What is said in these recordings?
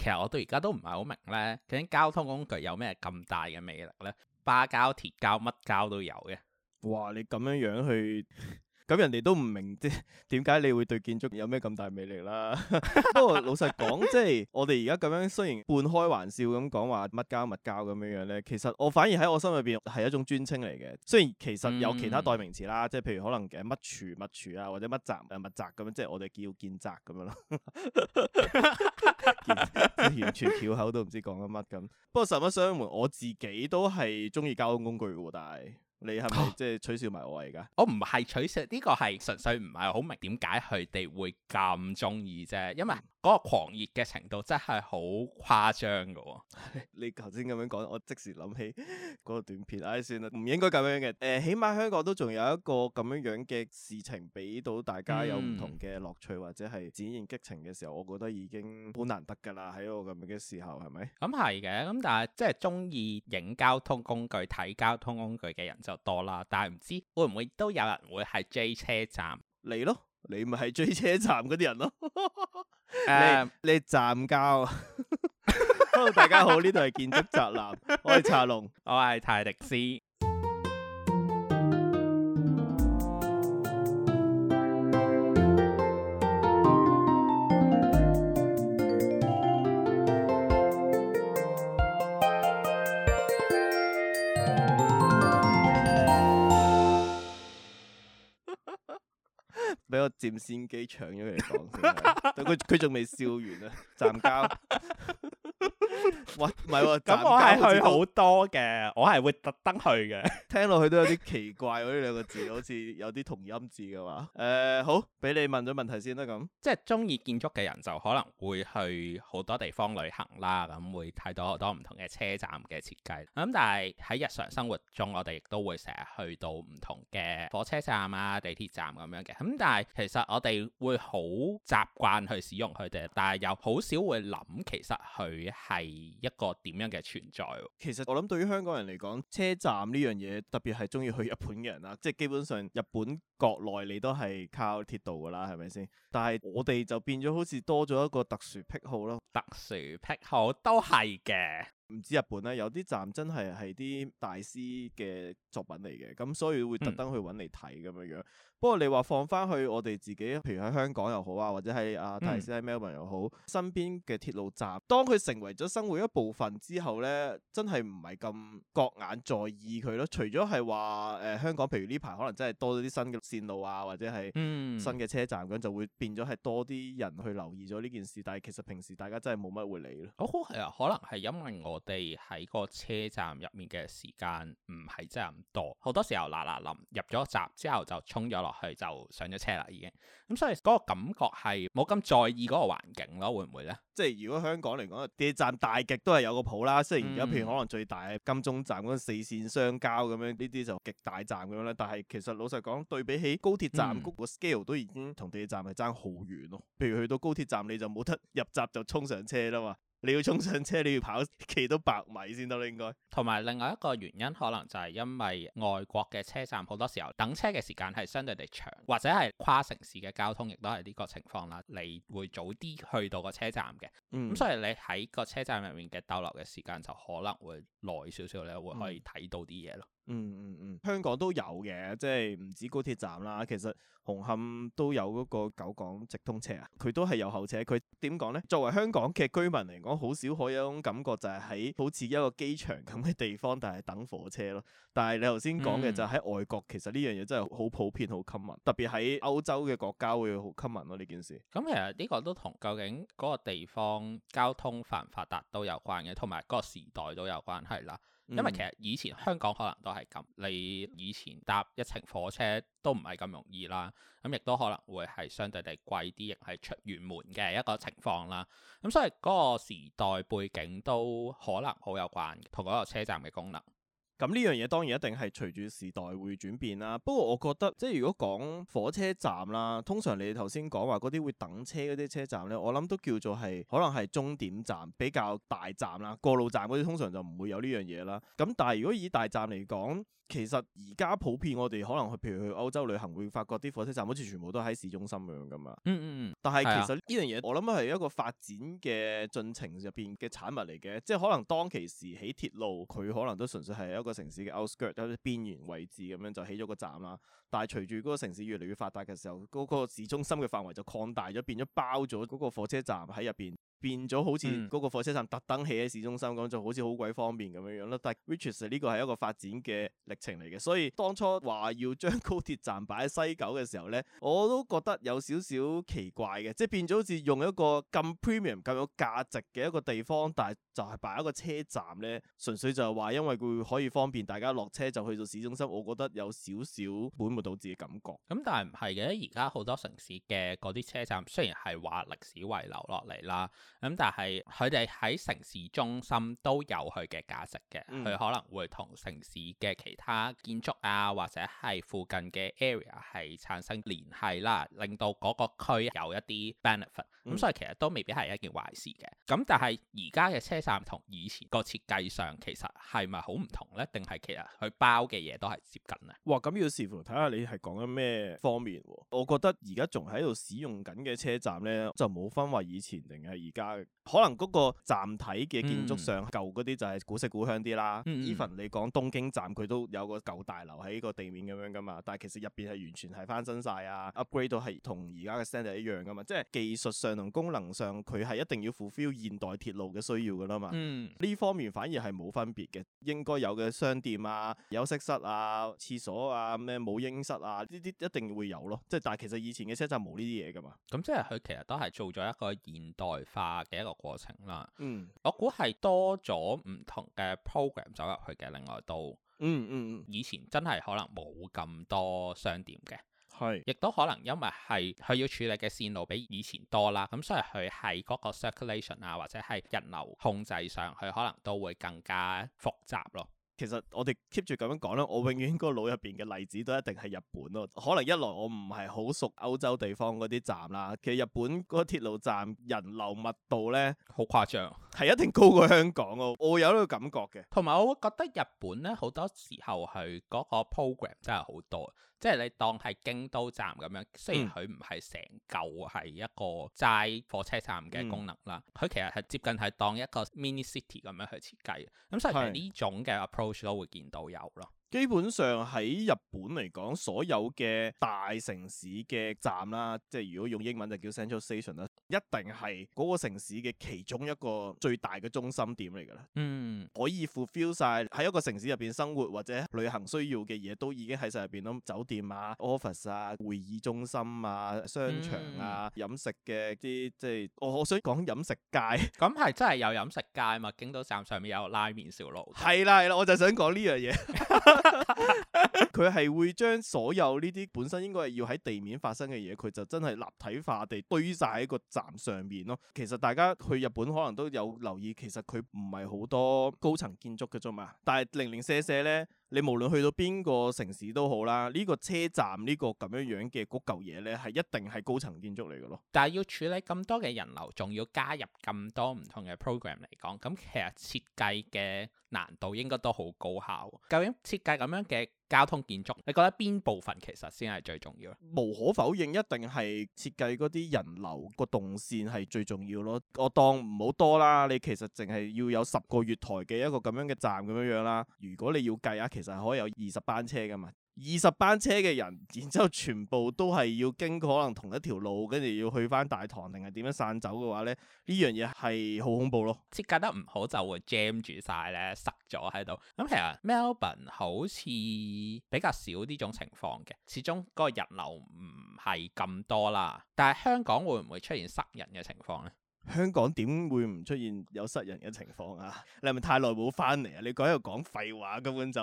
其實我到而家都唔係好明咧，究竟交通工具有咩咁大嘅魅力咧？巴膠、鐵膠、乜膠都有嘅。哇！你咁樣樣去～咁人哋都唔明即係點解你會對建築有咩咁大魅力啦。 不過老實講，即係我哋而家咁樣雖然半開玩笑咁講話乜交乜交咁樣樣咧，其實我反而喺我心裏邊係一種尊稱嚟嘅。雖然其實有其他代名詞啦，嗯、即係譬如可能嘅乜廚乜廚啊，或者乜宅、誒乜宅咁樣，即係我哋叫建宅咁樣咯。完全翹口都唔知講緊乜咁。不過實不相瞞我自己都係中意交通工具嘅喎，但係。你係咪即係取笑埋我而家、啊？我唔係取笑，呢、這個係純粹唔係好明點解佢哋會咁鍾意啫，因為。嗯嗰個狂熱嘅程度真係好誇張㗎喎、哦！你頭先咁樣講，我即時諗起嗰個短片。唉、哎，算啦，唔應該咁樣嘅。誒、呃，起碼香港都仲有一個咁樣樣嘅事情，俾到大家有唔同嘅樂趣、嗯、或者係展現激情嘅時候，我覺得已經好難得㗎啦。喺我咁嘅時候，係咪？咁係嘅。咁、嗯、但係即係鍾意影交通工具睇交通工具嘅人就多啦。但係唔知會唔會都有人會係 J 車站嚟咯？你咪係追車站嗰啲人咯，你你站膠。Hello 大家好，呢度係建築宅男，我係茶龍，我係泰迪斯。個佔先機搶咗佢嚟講，佢佢仲未笑完交 啊！站膠、嗯，喂，唔係喎，咁我係去好多嘅，我係會特登去嘅。 聽落去都有啲奇怪，嗰啲 兩個字好似有啲同音字嘅話。誒、呃，好，俾你問咗問題先啦。咁。即係中意建築嘅人就可能會去好多地方旅行啦，咁、嗯、會睇到好多唔同嘅車站嘅設計。咁、嗯、但係喺日常生活中，我哋亦都會成日去到唔同嘅火車站啊、地鐵站咁樣嘅。咁、嗯、但係其實我哋會好習慣去使用佢哋，但係又好少會諗其實佢係一個點樣嘅存在。其實我諗對於香港人嚟講，車站呢樣嘢。特別係鍾意去日本嘅人啦，即係基本上日本國內你都係靠鐵道㗎喇，係咪先？但係我哋就變咗好似多咗一個特殊癖好咯。特殊癖好都係嘅，唔知日本咧，有啲站真係係啲大師嘅作品嚟嘅，噉所以會特登去揾嚟睇咁樣樣。嗯不過你話放翻去我哋自己，譬如喺香港又好啊，或者係啊泰斯拉、嗯、Melbourne 又好，身邊嘅鐵路站，當佢成為咗生活一部分之後咧，真係唔係咁覺眼在意佢咯。除咗係話誒香港，譬如呢排可能真係多咗啲新嘅線路啊，或者係新嘅車站，咁、嗯、就會變咗係多啲人去留意咗呢件事。但係其實平時大家真係冇乜會理咯。哦，係、呃、啊，可能係因為我哋喺個車站入面嘅時間唔係真係咁多，好多時候嗱嗱臨入咗閘之後就衝咗落。係就上咗車啦，已經咁，所以嗰個感覺係冇咁在意嗰個環境咯，會唔會咧？即係如果香港嚟講，地鐵站大極都係有個譜啦。雖然而家譬如可能最大嘅金鐘站嗰四線相交咁樣，呢啲就極大站咁樣咧。但係其實老實講，對比起高鐵站，個 scale 都已經同地鐵站係爭好遠咯。譬如去到高鐵站，你就冇得入閘就衝上車啦嘛。你要衝上車，你要跑幾多百米先得啦，應該。同埋另外一個原因，可能就係因為外國嘅車站好多時候等車嘅時間係相對地長，或者係跨城市嘅交通亦都係呢個情況啦。你會早啲去到個車站嘅，咁、嗯、所以你喺個車站入面嘅逗留嘅時間就可能會耐少少，你會可以睇到啲嘢咯。嗯嗯嗯，香港都有嘅，即係唔止高鐵站啦，其實紅磡都有嗰個九廣直通車啊，佢都係有候車。佢點講呢？作為香港嘅居民嚟講，好少可以有種感覺，就係喺好似一個機場咁嘅地方，但係等火車咯。但係你頭先講嘅就喺外國，嗯、其實呢樣嘢真係好普遍，好 common，特別喺歐洲嘅國家會好 common 咯呢、嗯、件事。咁其實呢個都同究竟嗰個地方交通發唔發達都有關嘅，同埋個時代都有關係啦。因為其實以前香港可能都係咁，你以前搭一程火車都唔係咁容易啦，咁亦都可能會係相對地貴啲，亦係出遠門嘅一個情況啦。咁所以嗰個時代背景都可能好有關同嗰個車站嘅功能。咁呢樣嘢當然一定係隨住時代會轉變啦。不過我覺得即係如果講火車站啦，通常你頭先講話嗰啲會等車嗰啲車站呢，我諗都叫做係可能係終點站比較大站啦。過路站嗰啲通常就唔會有呢樣嘢啦。咁但係如果以大站嚟講，其實而家普遍我哋可能去譬如去歐洲旅行會發覺啲火車站好似全部都喺市中心咁樣噶嘛。嗯嗯嗯。但係其實呢、啊、樣嘢我諗係一個發展嘅進程入邊嘅產物嚟嘅，即係可能當其時起鐵路佢可能都純粹係一個。城市嘅 outskirt 有啲邊緣位置咁樣就起咗個站啦，但係隨住嗰個城市越嚟越發達嘅時候，嗰、嗰個市中心嘅範圍就擴大咗，變咗包咗嗰個火車站喺入邊。變咗好似嗰個火車站特登起喺市中心，咁、嗯、就好似好鬼方便咁樣樣咯。但係 Riches 呢個係一個發展嘅歷程嚟嘅，所以當初話要將高鐵站擺喺西九嘅時候呢，我都覺得有少少奇怪嘅，即係變咗好似用一個咁 premium、咁有價值嘅一個地方，但係就係擺一個車站呢，純粹就係話因為佢可以方便大家落車就去到市中心，我覺得有少少本末倒置嘅感覺。咁、嗯、但係唔係嘅，而家好多城市嘅嗰啲車站雖然係話歷史遺留落嚟啦。咁但係佢哋喺城市中心都有佢嘅價值嘅，佢、嗯、可能會同城市嘅其他建築啊，或者係附近嘅 area 係產生聯繫啦，令到個區有一啲 benefit，咁、嗯、所以其實都未必係一件壞事嘅。咁但係而家嘅車站同以前個設計上其實係咪好唔同咧？定係其實佢包嘅嘢都係接近咧？哇！咁要視乎睇下你係講緊咩方面。我覺得而家仲喺度使用緊嘅車站咧，就冇分話以前定係而家。可能嗰個站體嘅建築上舊嗰啲就係古色古香啲啦。Even、嗯、你講東京站，佢都有個舊大樓喺個地面咁樣噶嘛，但係其實入邊係完全係翻新晒啊，upgrade 到係同而家嘅 standard 係一樣噶嘛。即係技術上同功能上，佢係一定要 fulfill 現代鐵路嘅需要噶啦嘛。嗯，呢方面反而係冇分別嘅，應該有嘅商店啊、休息室啊、廁所啊、咩母嬰室啊，呢啲一定會有咯。即係但係其實以前嘅車站冇呢啲嘢噶嘛。咁即係佢其實都係做咗一個現代化。嘅一個過程啦，嗯，我估係多咗唔同嘅 program 走入去嘅，另外都，嗯嗯以前真係可能冇咁多商店嘅，係，亦都可能因為係佢要處理嘅線路比以前多啦，咁所以佢係嗰個 circulation 啊或者係人流控制上，佢可能都會更加複雜咯。其實我哋 keep 住咁樣講啦。我永遠個腦入邊嘅例子都一定係日本咯。可能一來我唔係好熟歐洲地方嗰啲站啦，其實日本個鐵路站人流密度咧好誇張，係一定高過香港咯。我會有呢個感覺嘅，同埋我會覺得日本咧好多時候係嗰個 program 真係好多。即係你當係京都站咁樣，雖然佢唔係成嚿係一個齋火車站嘅功能啦，佢、嗯、其實係接近係當一個 mini city 咁樣去設計，咁所以呢種嘅 approach 都會見到有咯。基本上喺日本嚟講，所有嘅大城市嘅站啦，即係如果用英文就叫 Central Station 啦，一定係嗰個城市嘅其中一個最大嘅中心點嚟噶啦。嗯，可以 fulfill 晒喺一個城市入邊生活或者旅行需要嘅嘢，都已經喺晒入邊咯。酒店啊，office 啊，會議中心啊，商場啊，嗯、飲食嘅啲即係我我想講飲食街，咁係、嗯、 真係有飲食街嘛？京都站上面有拉麵小路。係啦係啦，我就想講呢樣嘢。 佢係 會將所有呢啲本身應該係要喺地面發生嘅嘢，佢就真係立體化地堆晒喺個站上面咯。其實大家去日本可能都有留意，其實佢唔係好多高層建築㗎啫嘛。但係零零舍舍呢，你無論去到邊個城市都好啦，呢、這個車站呢個咁樣樣嘅嗰嚿嘢呢，係一定係高層建築嚟嘅咯。但係要處理咁多嘅人流，仲要加入咁多唔同嘅 program 嚟講，咁其實設計嘅。難度應該都好高效。究竟設計咁樣嘅交通建築，你覺得邊部分其實先係最重要？無可否認，一定係設計嗰啲人流個動線係最重要咯。我當唔好多啦，你其實淨係要有十個月台嘅一個咁樣嘅站咁樣樣啦。如果你要計啊，其實可以有二十班車㗎嘛。二十班車嘅人，然之後全部都係要經過可能同一條路，跟住要去翻大堂定係點樣散走嘅話咧，呢樣嘢係好恐怖咯。設計得唔好就會 jam 住晒咧，塞咗喺度。咁其實 Melbourne 好似比較少呢種情況嘅，始終嗰個人流唔係咁多啦。但係香港會唔會出現塞人嘅情況咧？香港點會唔出現有塞人嘅情況啊？你係咪太耐冇翻嚟啊？你喺度講廢話，根本就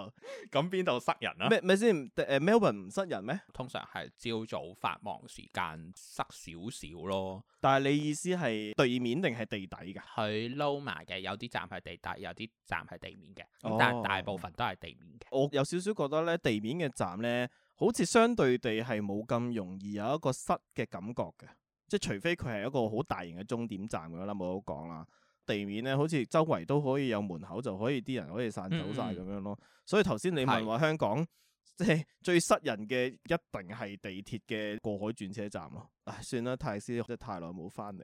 咁邊度塞人啊？咩咩先？誒、呃、Melbourne 唔塞人咩？通常係朝早繁忙時間塞少少咯。但係你意思係地、嗯、地，地面定係地底噶？佢撈埋嘅，有啲站係地底，有啲站係地面嘅。咁但係大部分都係地面嘅、哦。我有少少覺得咧，地面嘅站咧，好似相對地係冇咁容易有一個塞嘅感覺嘅。即除非佢係一個好大型嘅終點站嘅啦，冇得講啦。地面咧，好似周圍都可以有門口，就可以啲人可以散走晒咁樣咯。嗯嗯，所以頭先你問話香港是即係最失人嘅，一定係地鐵嘅過海轉車站咯。唉，算啦，泰斯太師真係太耐冇翻嚟。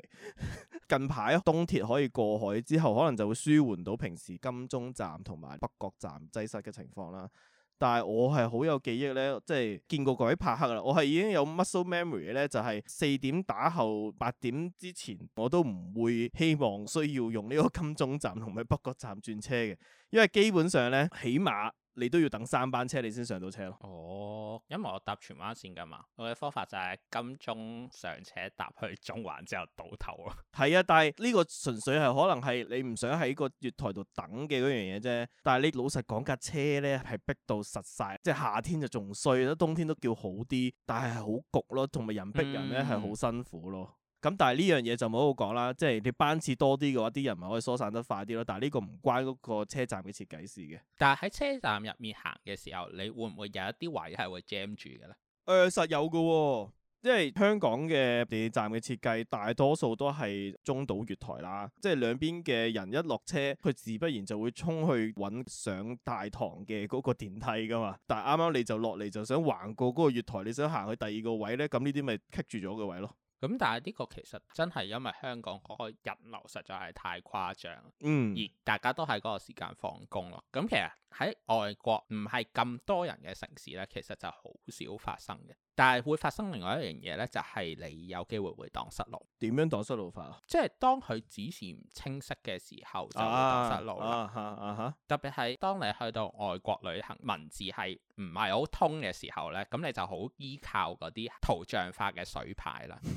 近排東鐵可以過海之後，可能就會舒緩到平時金鐘站同埋北角站擠塞嘅情況啦。但係我係好有記憶呢，即係見過鬼怕黑啦。我係已經有 muscle memory 呢，就係四點打後八點之前，我都唔會希望需要用呢個金鐘站同埋北角站轉車嘅，因為基本上呢，起碼。你都要等三班車，你先上到車咯。哦，因為我搭荃灣線噶嘛，我嘅方法就係金鐘上車搭去中環之後倒頭啊。係 啊，但係呢個純粹係可能係你唔想喺個月台度等嘅嗰樣嘢啫。但係你老實講架車咧，係逼到實晒，即係夏天就仲衰，冬天都叫好啲，但係係好焗咯，同埋人逼人咧係好辛苦咯。嗯咁但係呢樣嘢就冇好講啦，即係你班次多啲嘅話，啲人咪可以疏散得快啲咯。但係呢個唔關嗰個車站嘅設計事嘅。但係喺車站入面行嘅時候，你會唔會有一啲位係會 jam 住嘅咧？誒、呃，實有嘅、哦，因為香港嘅地鐵站嘅設計大多數都係中島月台啦，即係兩邊嘅人一落車，佢自不然就會衝去揾上大堂嘅嗰個電梯噶嘛。但係啱啱你就落嚟就想橫過嗰個月台，你想行去第二個位咧，咁呢啲咪棘住咗個位咯。咁但係呢個其實真係因為香港嗰個人流實在係太誇張，嗯、而大家都喺嗰個時間放工咯。咁其實，喺外國唔係咁多人嘅城市呢，其實就好少發生嘅。但係會發生另外一樣嘢呢，就係你有機會會蕩失路。點樣蕩失路法？即係當佢指示唔清晰嘅時候就蕩失路啦。啊啊啊啊、特別係當你去到外國旅行，文字係唔係好通嘅時候呢，咁你就好依靠嗰啲圖像化嘅水牌啦。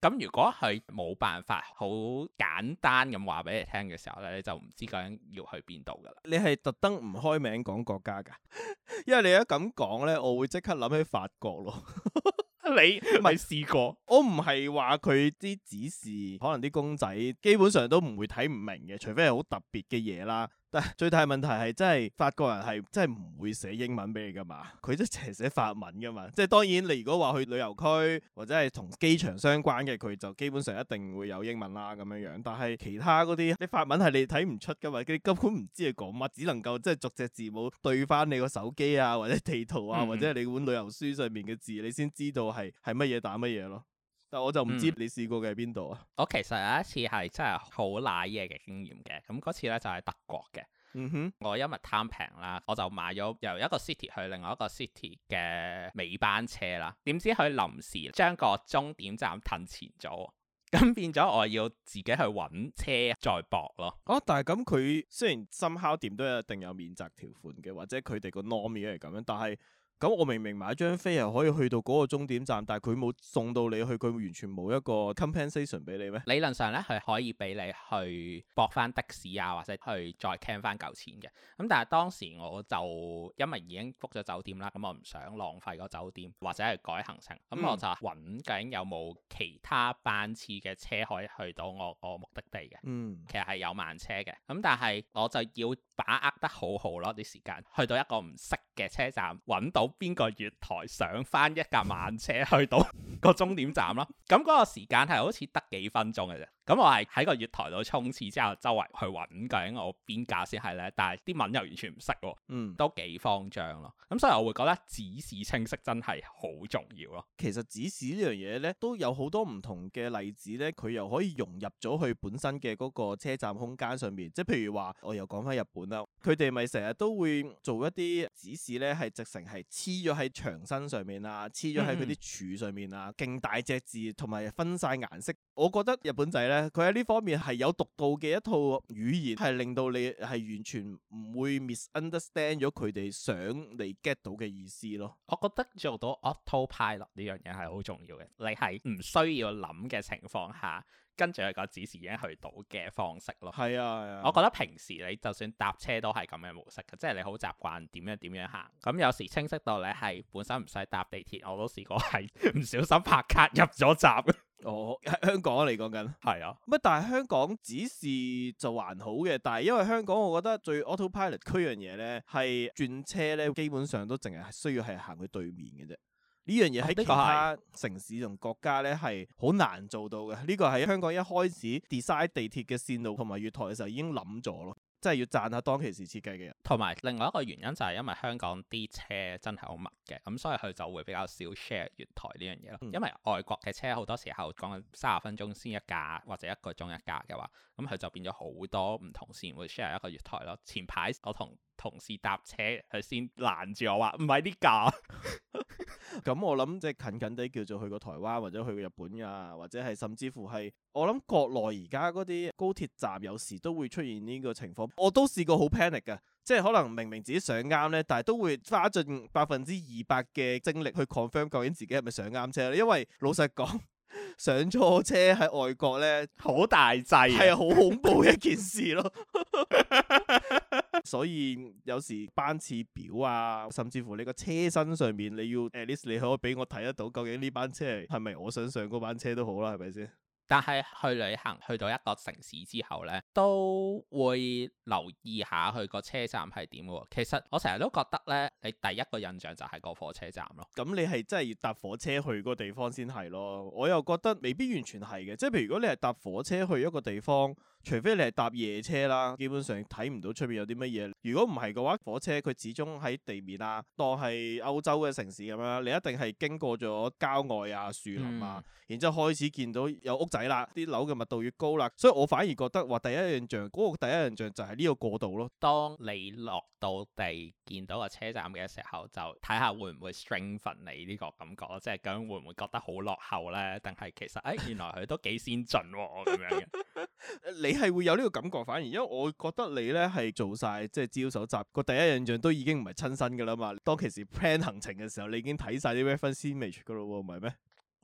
咁如果係冇辦法好簡單咁話俾你聽嘅時候咧，你就唔知究竟要去邊度噶啦。你係特登唔開名講國家噶， 因為你一咁講咧，我會即刻諗起法國咯。 你咪試 是過？ 我唔係話佢啲指示，可能啲公仔基本上都唔會睇唔明嘅，除非係好特別嘅嘢啦。最大問題係真係法國人係真係唔會寫英文畀你㗎嘛，佢都成日寫法文㗎嘛。即係當然，你如果話去旅遊區或者係同機場相關嘅，佢就基本上一定會有英文啦咁樣樣。但係其他嗰啲，你法文係你睇唔出㗎嘛，佢根本唔知你講乜，只能夠即係逐隻字母對返你個手機啊，或者地圖啊，或者你本旅遊書上面嘅字，你先知道係係乜嘢打乜嘢咯。但我就唔知，嗯、你試過嘅喺邊度啊？我其實有一次係真係好瀨嘢嘅經驗嘅，咁嗰次咧就喺德國嘅。嗯哼，我因為貪平啦，我就買咗由一個 city 去另外一個 city 嘅尾班車啦。點知佢臨時將個終點站褪前咗，咁變咗我要自己去揾車再駁咯。哦，啊，但係咁佢雖然深烤店都有一定有免責條款嘅，或者佢哋個 norm 係咁樣，但係。咁我明明買張飛係可以去到嗰個終點站，但係佢冇送到你去，佢完全冇一個 compensation 俾你咩？理論上咧係可以俾你去駁翻的士啊，或者去再 cancel 翻舊錢嘅。咁但係當時我就因為已經 book 咗酒店啦，咁我唔想浪費嗰酒店或者係改行程，咁、嗯、我就揾緊有冇其他班次嘅車可以去到我我目的地嘅。嗯，其實係有慢車嘅，咁但係我就要。把握得好好咯！啲時間去到一個唔識嘅車站，揾到邊個月台上返一架慢車去到個終點站咯。咁嗰個時間係好似得幾分鐘嘅啫。咁我係喺個月台度衝刺之後，周圍去揾究竟我邊架先係呢？但係啲文又完全唔識喎，嗯，都幾慌張咯。咁所以我會覺得，指示清晰真係好重要咯。其實指示呢樣嘢呢，都有好多唔同嘅例子呢。佢又可以融入咗佢本身嘅嗰個車站空間上面，即係譬如話，我又講翻日本啦，佢哋咪成日都會做一啲指示呢，係直成係黐咗喺牆身上面啊，黐咗喺嗰啲柱上面啊，勁、嗯、大隻字，同埋分晒顏色。我覺得日本仔呢，佢喺呢方面係有獨到嘅一套語言，係令到你係完全唔會 misunderstand 咗佢哋想你 get 到嘅意思咯。我覺得做到 auto pilot 呢樣嘢係好重要嘅。你係唔需要諗嘅情況下，跟住個指示已經去到嘅方式咯。係啊，係啊。我覺得平時你就算搭車都係咁嘅模式嘅，即係你好習慣點樣點樣行。咁有時清晰到你係本身唔使搭地鐵，我都試過係唔小心拍卡入咗站。哦，喺香港，嚟講緊係啊，乜、啊、但係香港指示就還好嘅，但係因為香港我覺得最 autopilot 區樣嘢咧，係轉車咧，基本上都淨係需要係行去對面嘅啫。呢樣嘢喺其他城市同國家咧係好難做到嘅。呢個喺香港一開始 design 地鐵嘅線路同埋月台嘅時候已經諗咗咯。真係要讚下當其時設計嘅人，同埋另外一個原因就係因為香港啲車真係好密嘅，咁所以佢就會比較少 share 月台呢樣嘢咯。嗯、因為外國嘅車好多時候講緊三十分鐘先一架或者一個鐘一架嘅話，咁佢就變咗好多唔同線會 share 一個月台咯。前排我同同事搭車佢先攔住我話唔係呢架。咁 我諗即係近近哋叫做去過台灣或者去過日本啊，或者係甚至乎係我諗國內而家嗰啲高鐵站，有時都會出現呢個情況。我都試過好 panic，即係可能明明自己上啱咧，但係都會花盡百分之二百嘅精力去 confirm 究竟自己係咪上啱車咧。因為老實講，上錯車喺外國咧好 大劑，係好 恐怖一件事咯。 所以有時班次表啊，甚至乎你個車身上面，你要 at least 你可以俾我睇得到，究竟呢班車係係咪我想上嗰班車都好啦，係咪先？但係去旅行去到一個城市之後呢，都會留意下去個車站係點嘅。其實我成日都覺得呢，你第一個印象就係個火車站咯。咁，嗯，你係真係要搭火車去個地方先係咯。我又覺得未必完全係嘅，即係譬如如果你係搭火車去一個地方。除非你係搭夜車啦，基本上睇唔到出面有啲乜嘢。如果唔係嘅話，火車佢始終喺地面啦，當係歐洲嘅城市咁啦，你一定係經過咗郊外啊、樹林啊，嗯、然之後開始見到有屋仔啦，啲樓嘅密度越高啦，所以我反而覺得話第一印象，嗰、嗰個第一印象就係呢個過渡咯。當你落到地見到個車站嘅時候，就睇下會唔會 strengthen 你呢個感覺，即係咁會唔會覺得好落後呢？定係其實誒、哎、原來佢都幾先進咁、啊、樣嘅， 你。係會有呢個感覺，反而，因為我覺得你咧係做晒，即係資料搜集個第一印象都已經唔係親身噶啦嘛，當其時 plan 行程嘅時候，你已經睇晒啲 reference image 噶咯喎，唔係咩？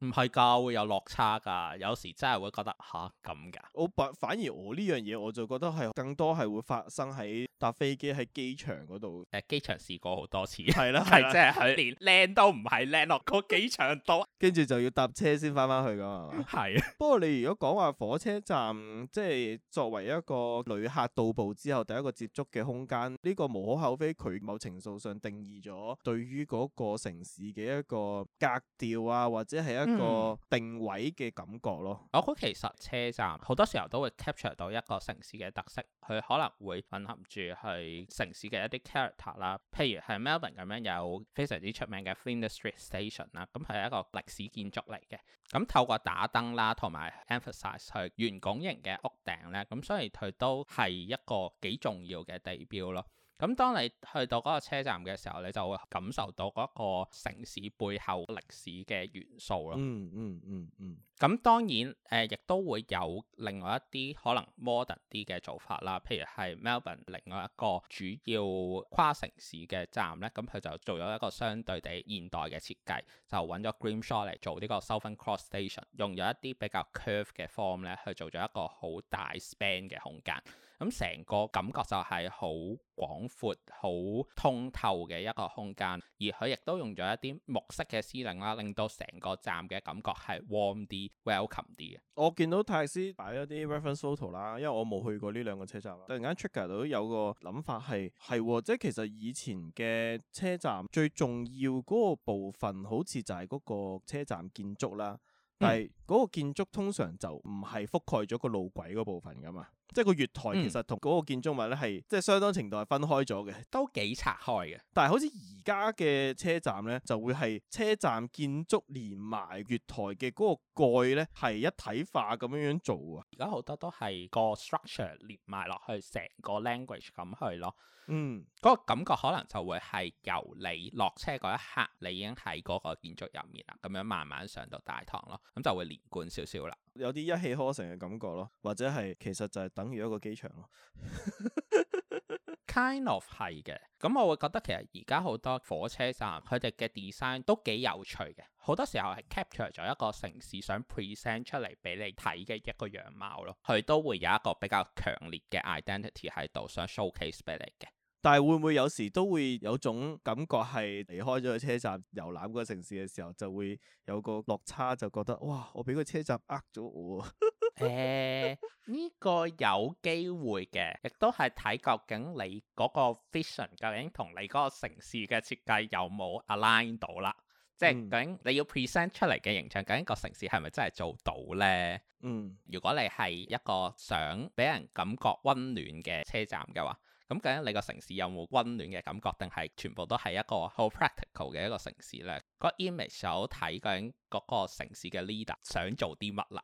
唔係㗎，會有落差㗎。有時真係會覺得嚇咁㗎。反而我呢樣嘢，我就覺得係更多係會發生喺搭飛機喺機場嗰度。誒、呃、機場試過好多次，係啦係啦，即係連靚都唔係靚落個機場多，跟住就要搭車先翻翻去㗎嘛。係啊。的 不過你如果講話火車站，即係作為一個旅客到步之後第一個接觸嘅空間，呢個無可厚非。佢某程度上定義咗對於嗰個城市嘅一個格調啊，或者係一 個定位嘅感覺咯， 我估其實車站好多時候都會 capture 到一個城市嘅特色，佢可能會混合住係城市嘅一啲 character 啦，譬如係 Melbourne 咁樣有非常之出名嘅 Flinders Street Station 啦，咁係一個歷史建築嚟嘅，咁透過打燈啦同埋 emphasize 佢圓拱形嘅屋頂咧，咁所以佢都係一個幾重要嘅地標咯。咁當你去到嗰個車站嘅時候，你就會感受到嗰個城市背後歷史嘅元素咯、嗯。嗯嗯嗯嗯。咁、嗯、當然誒，亦、呃、都會有另外一啲可能 modern 啲嘅做法啦。譬如係 Melbourne 另外一個主要跨城市嘅站咧，咁佢就做咗一個相對地現代嘅設計，就揾咗 Grimshaw 嚟做呢個 Southern Cross Station，用咗一啲比較 curved 嘅 form 咧，去做咗一個好大 span 嘅空間。咁成個感覺就係好廣闊、好通透嘅一個空間，而佢亦都用咗一啲木色嘅司令啦，令到成個站嘅感覺係 warm 啲、welcome 啲嘅。我見到泰斯擺咗啲 reference photo 啦，因為我冇去過呢兩個車站，突然間 trigger 到有個諗法係係喎，即係其實以前嘅車站最重要嗰個部分，好似就係嗰個車站建築啦，但係嗰個建築通常就唔係覆蓋咗個路軌嗰部分噶嘛。即係個月台其實同嗰個建築物咧係、嗯、即係相當程度係分開咗嘅，都幾拆開嘅。但係好似而家嘅車站咧，就會係車站建築連埋月台嘅嗰個蓋咧係一體化咁樣樣做啊。而家好多都係個 structure 連埋落去，成個 language 咁去咯。嗯，嗰個感覺可能就會係由你落車嗰一刻，你已經喺嗰個建築入面啦，咁樣慢慢上到大堂咯，咁就會連貫少少啦。有啲一氣呵成嘅感覺咯，或者係其實就係等於一個機場咯。 Kind of 係嘅，咁、嗯、我會覺得其實而家好多火車站佢哋嘅 design 都幾有趣嘅，好多時候係 capture 咗一個城市想 present 出嚟俾你睇嘅一個樣貌咯，佢都會有一個比較強烈嘅 identity 喺度想 showcase 俾你嘅。但係會唔會有時都會有種感覺係離開咗個車站遊覽個城市嘅時候，就會有個落差，就覺得哇，我俾個車站呃咗我。誒、 欸，呢、呢個有機會嘅，亦都係睇究竟你嗰個 vision 究竟同你嗰個城市嘅設計有冇 align 到啦。即係究竟你要 present 出嚟嘅形象，究竟個城市係咪真係做到呢？嗯，如果你係一個想俾人感覺温暖嘅車站嘅話。咁究竟你個城市有冇温暖嘅感覺，定係全部都係一個好 practical 嘅一個城市呢？個 image 睇緊究竟嗰個城市嘅 leader 想做啲乜啦。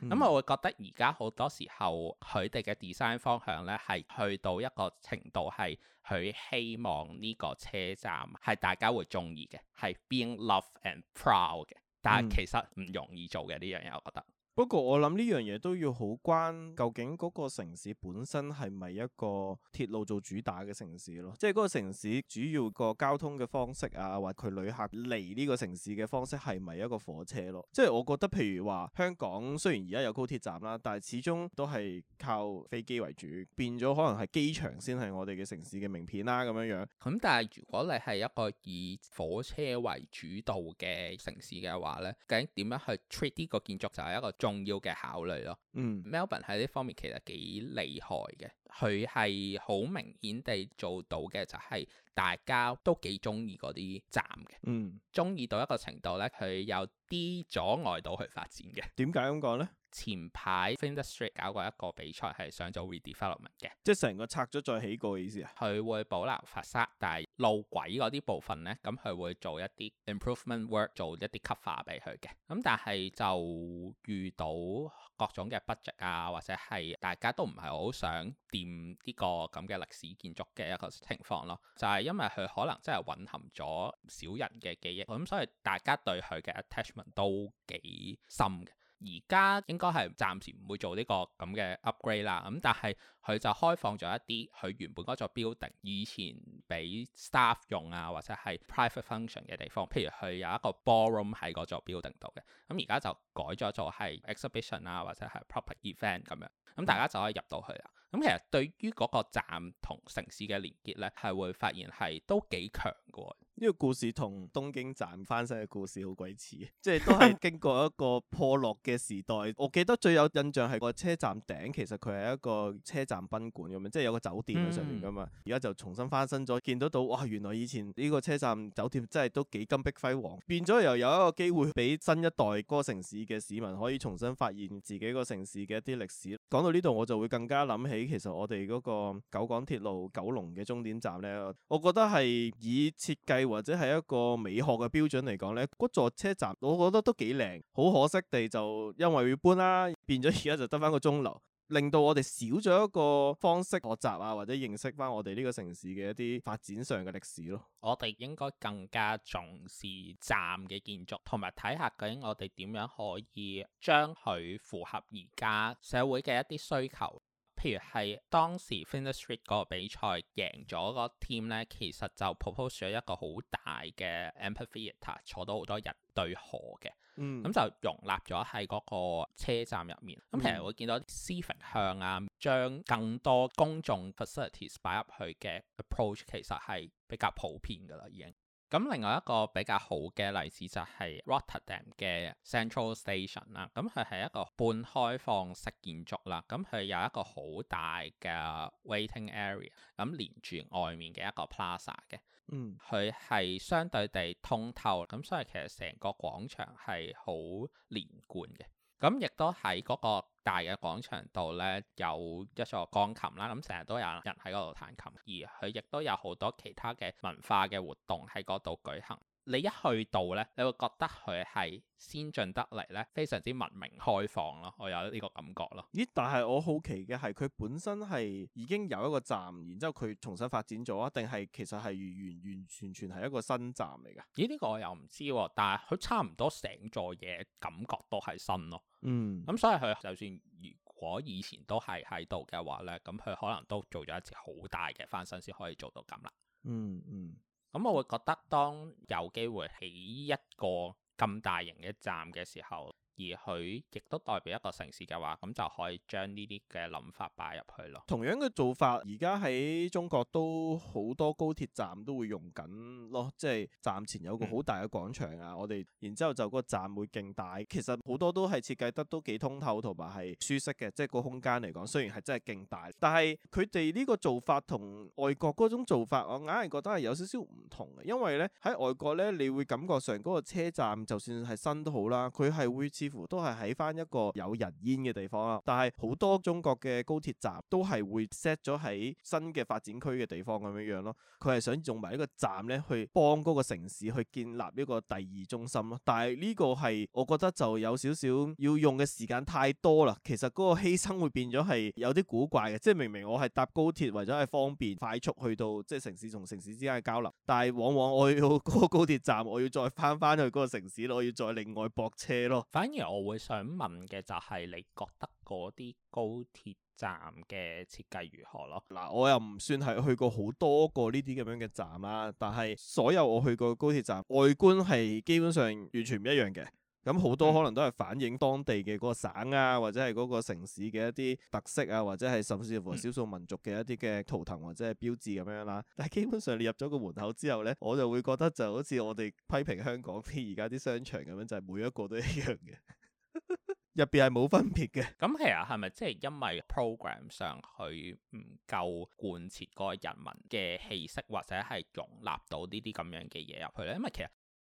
咁、嗯、我會覺得而家好多時候佢哋嘅 design 方向呢，係去到一個程度係佢希望呢個車站係大家會中意嘅，係 being loved and proud 嘅，但係其實唔容易做嘅呢樣嘢，嗯、我覺得。不過我諗呢樣嘢都要好關，究竟嗰個城市本身係咪一個鐵路做主打嘅城市咯？即係嗰個城市主要個交通嘅方式啊，或佢旅客嚟呢個城市嘅方式係咪一個火車咯？即係我覺得譬如話香港雖然而家有高鐵站啦，但係始終都係靠飛機為主，變咗可能係機場先係我哋嘅城市嘅名片啦咁樣樣。咁但係如果你係一個以火車為主導嘅城市嘅話咧，究竟點樣去 treat 呢個建築就係一個？重要嘅考慮咯，Melbourne 喺呢方面其實幾厲害嘅，佢係好明顯地做到嘅就係、是、大家都幾中意嗰啲站嘅，嗯，中意到一個程度咧，佢有啲阻礙到佢發展嘅。點解咁講咧？前排 Finch Street 搞過一個比賽，係想做 redevelopment 嘅，即係成個拆咗再起過嘅意思啊。佢會保留 facade，但係路軌嗰啲部分咧，咁佢會做一啲 improvement work，做一啲 cover 俾佢嘅。咁但係就遇到各種嘅 budget 啊，或者係大家都唔係好想掂呢個咁嘅歷史建築嘅一個情況咯。就係、是、因為佢可能真係蘊含咗少人嘅記憶，咁所以大家對佢嘅 attachment 都幾深嘅。而家應該係暫時唔會做呢個咁嘅 upgrade 啦，咁但係佢就開放咗一啲佢原本嗰座 building 以前俾 staff 用啊，或者係 private function 嘅地方，譬如佢有一個 ballroom 喺嗰座 building 度嘅，咁而家就改咗做係 exhibition 啊，或者係 proper event 咁樣，咁大家就可以入到去啦。咁其實對於嗰個站同城市嘅連結呢，係會發現係都幾強㗎。呢個故事同東京站翻新嘅故事好鬼似，即係都係經過一個破落嘅時代。 我記得最有印象係個車站頂，其實佢係一個車站賓館咁樣，即係有個酒店喺上面噶嘛。而家、嗯、就重新翻新咗，見到到哇，原來以前呢個車站酒店真係都幾金碧輝煌。變咗又有一個機會俾新一代嗰個城市嘅市民可以重新發現自己個城市嘅一啲歷史。講到呢度，我就會更加諗起其實我哋嗰個九廣鐵路九龍嘅終點站呢，我覺得係以設計，或者係一個美學嘅標準嚟講，呢座車站我覺得都幾靚，好可惜地就因為要搬啦，變咗而家就得翻個鐘樓，令到我哋少咗一個方式學習啊，或者認識翻我哋呢個城市嘅一啲發展上嘅歷史咯。我哋應該更加重視站嘅建築，同埋睇下究竟我哋點樣可以將佢符合而家社會嘅一啲需求。譬如係當時 Finestreet 嗰個比賽贏咗個 team 咧，其實就 propose 咗一個好大嘅 amphitheatre 坐到好多人對河嘅，咁、嗯、就容納咗喺嗰個車站入面。咁其實會見到 Stephen、嗯、向啊，將更多公眾 facilities 擺入去嘅 approach，其實係比較普遍噶啦，已經。咁另外一個比較好嘅例子就係 Rotterdam 嘅 Central Station 啦，咁佢係一個半開放式建築啦，咁佢有一個好大嘅 waiting area，咁連住外面嘅一個 plaza 嘅，嗯，佢係相對地通透，咁所以其實成個廣場係好連貫嘅。咁亦都喺嗰個大嘅廣場度咧，有一座鋼琴啦，咁成日都有人喺嗰度彈琴，而佢亦都有好多其他嘅文化嘅活動喺嗰度舉行。你一去到呢，你會覺得佢係先進得嚟呢，非常之文明開放咯。我有呢個感覺咯。咦？但係我好奇嘅係，佢本身係已經有一個站，然之後佢重新發展咗，定係其實係完完全全係一個新站嚟㗎？咦？呢個我又唔知喎。但係佢差唔多成座嘢感覺都係新咯。嗯。咁、嗯、所以佢就算如果以前都係喺度嘅話呢，咁佢可能都做咗一次好大嘅翻身先可以做到咁啦。嗯嗯。嗯。咁我會覺得，當有機會起一個咁大型嘅站嘅時候。而佢亦都代表一個城市嘅話，咁就可以將呢啲嘅諗法擺入去咯。同樣嘅做法，而家喺中國都好多高鐵站都會用緊咯，即係站前有個好大嘅廣場啊。嗯、我哋然之後就個站會勁大，其實好多都係設計得都幾通透同埋係舒適嘅，即係個空間嚟講雖然係真係勁大，但係佢哋呢個做法同外國嗰種做法，我硬係覺得係有少少唔同嘅。因為咧喺外國咧，你會感覺上嗰個車站就算係新都好啦，佢係會設。似乎都係喺翻一個有人煙嘅地方啦，但係好多中國嘅高鐵站都係會 set 咗喺新嘅發展區嘅地方咁樣樣咯。佢係想用埋一個站咧，去幫嗰個城市去建立一個第二中心咯。但係呢個係我覺得就有少少要用嘅時間太多啦。其實嗰個犧牲會變咗係有啲古怪嘅，即係明明我係搭高鐵為咗係方便快速去到即係、就是、城市同城市之間嘅交流，但係往往我要嗰個高鐵站，我要再翻翻去嗰個城市咯，我要再另外駁車咯。反我會想問嘅就係你覺得嗰啲高鐵站嘅設計如何咯？嗱、啊，我又唔算係去過好多個呢啲咁樣嘅站啦、啊，但係所有我去過嘅高鐵站，外觀係基本上完全唔一樣嘅。咁好、嗯、多可能都係反映當地嘅嗰個省啊，或者係嗰個城市嘅一啲特色啊，或者係甚至乎少數民族嘅一啲嘅圖騰或者係標誌咁樣啦、啊。嗯、但係基本上你入咗個門口之後呢，我就會覺得就好似我哋批評香港啲而家啲商場咁樣，就係、是、每一個都一樣嘅，入邊係冇分別嘅、嗯。咁、嗯、其實係咪即係因為 program 上去唔夠貫徹嗰個人民嘅氣息，或者係容納到呢啲咁樣嘅嘢入去呢？因為其實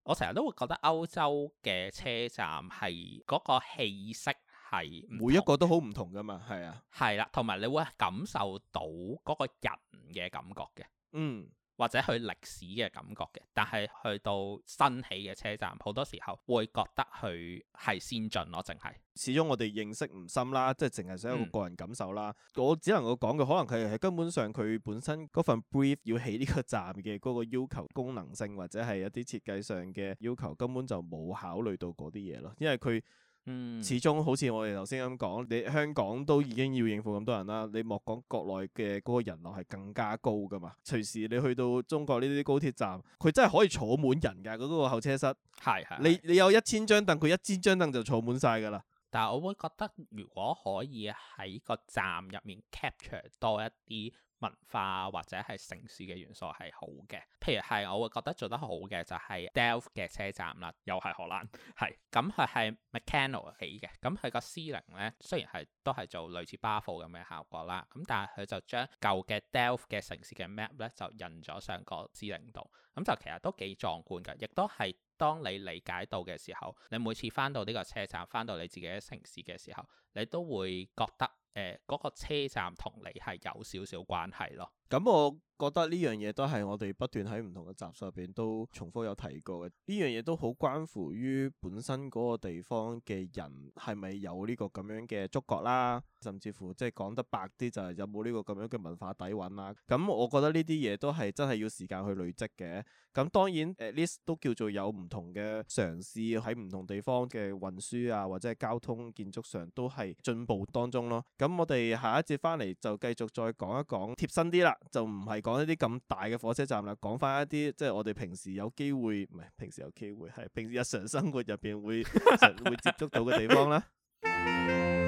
我成日都會覺得歐洲嘅車站係嗰個氣息係每一個都好唔同㗎嘛，係啊，係喇，同埋你會感受到嗰個人嘅感覺嘅，嗯。或者去歷史嘅感覺嘅，但係去到新起嘅車站，好多時候會覺得佢係先進咯，淨係，始終我哋認識唔深啦，即係淨係想一個個人感受啦。嗯、我只能夠講嘅，可能佢係根本上佢本身嗰份 brief 要起呢個站嘅嗰個要求功能性或者係一啲設計上嘅要求，根本就冇考慮到嗰啲嘢咯，因為佢。嗯，始終好似我哋頭先咁講，你香港都已經要應付咁多人啦，你莫講國內嘅嗰個人流係更加高噶嘛。隨時你去到中國呢啲高鐵站，佢真係可以坐滿人㗎，嗰個候車室。係係係，你你有一千張凳，佢一千張凳就坐滿晒㗎啦。但係我會覺得，如果可以喺個站入面 capture 多一啲。文化或者係城市嘅元素係好嘅，譬如係我會覺得做得好嘅就係 Delft 嘅車站啦，又係荷蘭，係咁佢係 Mecanoo 起嘅，咁佢個 ceiling 咧雖然係都係做類似巴富咁嘅效果啦，咁但係佢就將舊嘅 Delft 嘅城市嘅 map 咧就印咗上個 ceiling 度，咁就其實都幾壯觀嘅，亦都係當你理解到嘅時候，你每次返到呢個車站，返到你自己嘅城市嘅時候，你都會覺得。誒嗰、呃嗰個車站同你係有少少關係咯。咁，我覺得呢樣嘢都係我哋不斷喺唔同嘅集數入邊都重複有提過嘅。呢樣嘢都好關乎於本身嗰個地方嘅人係咪有呢個咁樣嘅觸覺啦，甚至乎即係講得白啲就係有冇呢個咁樣嘅文化底蘊啦。咁我覺得呢啲嘢都係真係要時間去累積嘅。咁當然誒，at least 都叫做有唔同嘅嘗試喺唔同地方嘅運輸啊，或者係交通建築上都係進步當中咯。咁我哋下一節翻嚟就繼續再講一講貼身啲啦。就唔係講一啲咁大嘅火車站啦，講返一啲，即係我哋平時有機會，唔係，平時有機會，係平時日常生活入面會 會接觸到嘅地方啦。